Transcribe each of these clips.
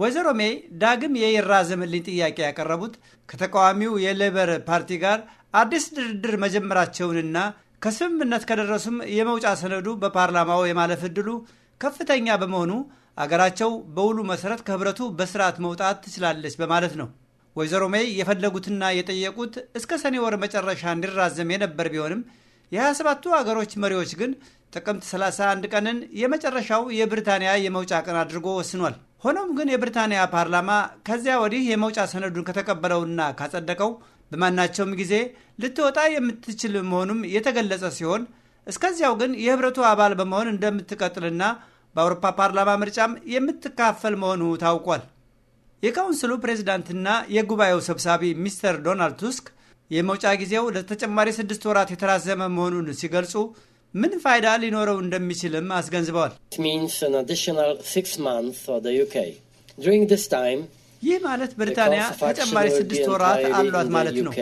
ወይዘሮ ሜይ ዳግም የይራዘምልኝ ጥያቄ ያቀረቡት ከተቃዋሚው የሌበር ፓርቲ ጋር አዲስ ድርድር መጀመራቸውንና ከስምምነት ከደረሱም የመውጫ ሰነዱ በፓርላማው የማለፍ ዕድሉ ከፍተኛ በመሆኑ አገራቸው በውሉ መሰረት ከህብረቱ በስርዓት መውጣት ትችላለች በማለት ነው። ወይዘሮ ሜይ የፈለጉትና የጠየቁት እስከ ሰኔ ወር መጨረሻ እንዲራዘም የነበር ቢሆንም የ27ቱ አገሮች መሪዎች ግን ጥቅምት 31 ቀንን የመጨረሻው የብሪታንያ የመውጫ ቀን አድርጎ ወስኗል። ሆኖም ግን የብሪታንያ ፓርላማ ከዚያ ወዲህ የመውጫ ሰነዱን ከተቀበለውና ካጸደቀው በማናቸውም ጊዜ ልትወጣ የምትችል መሆኑም የተገለጸ ሲሆን እስከዚያው ግን የህብረቱ አባል በመሆን እንደምትቀጥልና በአውሮፓ ፓርላማ ምርጫም የምትካፈል መሆኑ ታውቋል። የካውንስሉ ፕሬዚዳንትና የጉባኤው ሰብሳቢ ሚስተር ዶናልድ ቱስክ የመውጫ ጊዜው ለተጨማሪ ስድስት ወራት የተራዘመ መሆኑን ሲገልጹ ምን ፋይዳ ሊኖረው እንደሚችልም አስገንዝበዋል። ይህ ማለት ብሪታንያ ተጨማሪ ስድስት ወራት አሏት ማለት ነው።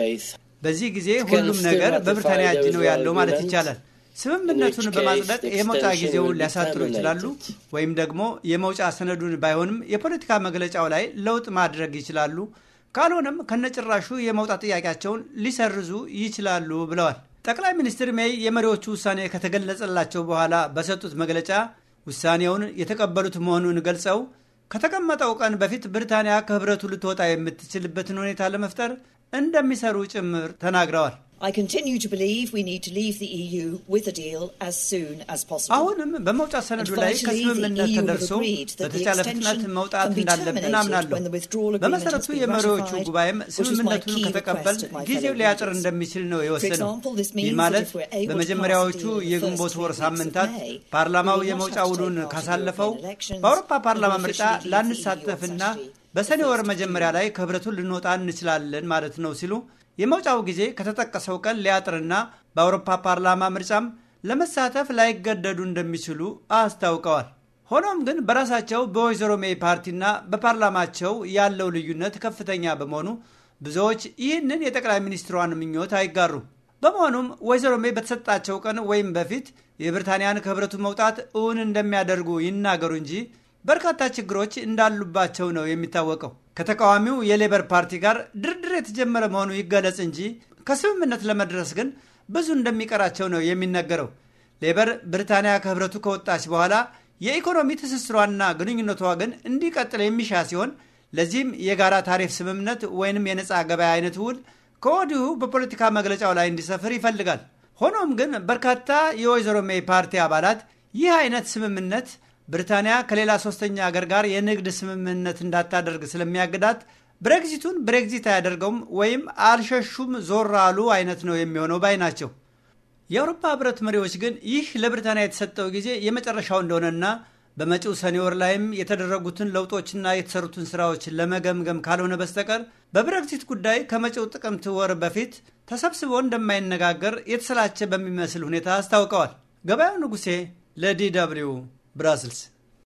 በዚህ ጊዜ ሁሉም ነገር በብሪታንያ እጅ ነው ያለው ማለት ይቻላል። ስምምነቱን በማጽደቅ የመውጫ ጊዜውን ሊያሳጥሩ ይችላሉ፣ ወይም ደግሞ የመውጫ ሰነዱን ባይሆንም የፖለቲካ መግለጫው ላይ ለውጥ ማድረግ ይችላሉ። ካልሆነም ከነጭራሹ የመውጣት ጥያቄያቸውን ሊሰርዙ ይችላሉ ብለዋል። ጠቅላይ ሚኒስትር ሜይ የመሪዎቹ ውሳኔ ከተገለጸላቸው በኋላ በሰጡት መግለጫ ውሳኔውን የተቀበሉት መሆኑን ገልጸው ከተቀመጠው ቀን በፊት ብሪታንያ ከህብረቱ ልትወጣ የምትችልበትን ሁኔታ ለመፍጠር እንደሚሰሩ ጭምር ተናግረዋል። አሁንም በመውጫት ሰነዱ ላይ ከስምምነት e ተደርሶ በተቻለ ፍጥነት መውጣት እንዳለብን አምናለሁ። በመሰረቱ የመሪዎቹ ጉባኤም ስምምነቱን ከተቀበል ጊዜው ሊያጥር እንደሚችል ነው የወሰነው። ይህ ማለት በመጀመሪያዎቹ የግንቦት ወር ሳምንታት ፓርላማው የመውጫ ውሉን ካሳለፈው በአውሮፓ ፓርላማ ምርጫ e ላንሳተፍና በሰኔ ወር መጀመሪያ ላይ ከህብረቱን ልንወጣ እንችላለን ማለት ነው ሲሉ የመውጫው ጊዜ ከተጠቀሰው ቀን ሊያጥርና በአውሮፓ ፓርላማ ምርጫም ለመሳተፍ ላይገደዱ እንደሚችሉ አስታውቀዋል። ሆኖም ግን በራሳቸው በወይዘሮ ሜይ ፓርቲና በፓርላማቸው ያለው ልዩነት ከፍተኛ በመሆኑ ብዙዎች ይህንን የጠቅላይ ሚኒስትሯን ምኞት አይጋሩም። በመሆኑም ወይዘሮ ሜይ በተሰጣቸው ቀን ወይም በፊት የብሪታንያን ከህብረቱ መውጣት እውን እንደሚያደርጉ ይናገሩ እንጂ በርካታ ችግሮች እንዳሉባቸው ነው የሚታወቀው። ከተቃዋሚው የሌበር ፓርቲ ጋር ድርድር የተጀመረ መሆኑ ይገለጽ እንጂ ከስምምነት ለመድረስ ግን ብዙ እንደሚቀራቸው ነው የሚነገረው። ሌበር ብሪታንያ ከህብረቱ ከወጣች በኋላ የኢኮኖሚ ትስስሯና ግንኙነቷ ግን እንዲቀጥል የሚሻ ሲሆን ለዚህም የጋራ ታሪፍ ስምምነት ወይንም የነፃ ገበያ አይነት ውል ከወዲሁ በፖለቲካ መግለጫው ላይ እንዲሰፍር ይፈልጋል። ሆኖም ግን በርካታ የወይዘሮ ሜይ ፓርቲ አባላት ይህ አይነት ስምምነት ብሪታንያ ከሌላ ሶስተኛ ሀገር ጋር የንግድ ስምምነት እንዳታደርግ ስለሚያግዳት ብሬግዚቱን ብሬግዚት አያደርገውም ወይም አልሸሹም ዞር አሉ አይነት ነው የሚሆነው ባይ ናቸው። የአውሮፓ ህብረት መሪዎች ግን ይህ ለብሪታንያ የተሰጠው ጊዜ የመጨረሻው እንደሆነና በመጪው ሰኔ ወር ላይም የተደረጉትን ለውጦችና የተሰሩትን ስራዎች ለመገምገም ካልሆነ በስተቀር በብሬግዚት ጉዳይ ከመጪው ጥቅምት ወር በፊት ተሰብስቦ እንደማይነጋገር የተሰላቸ በሚመስል ሁኔታ አስታውቀዋል። ገበያው ንጉሴ ለዲ ደብልዩ Brussels.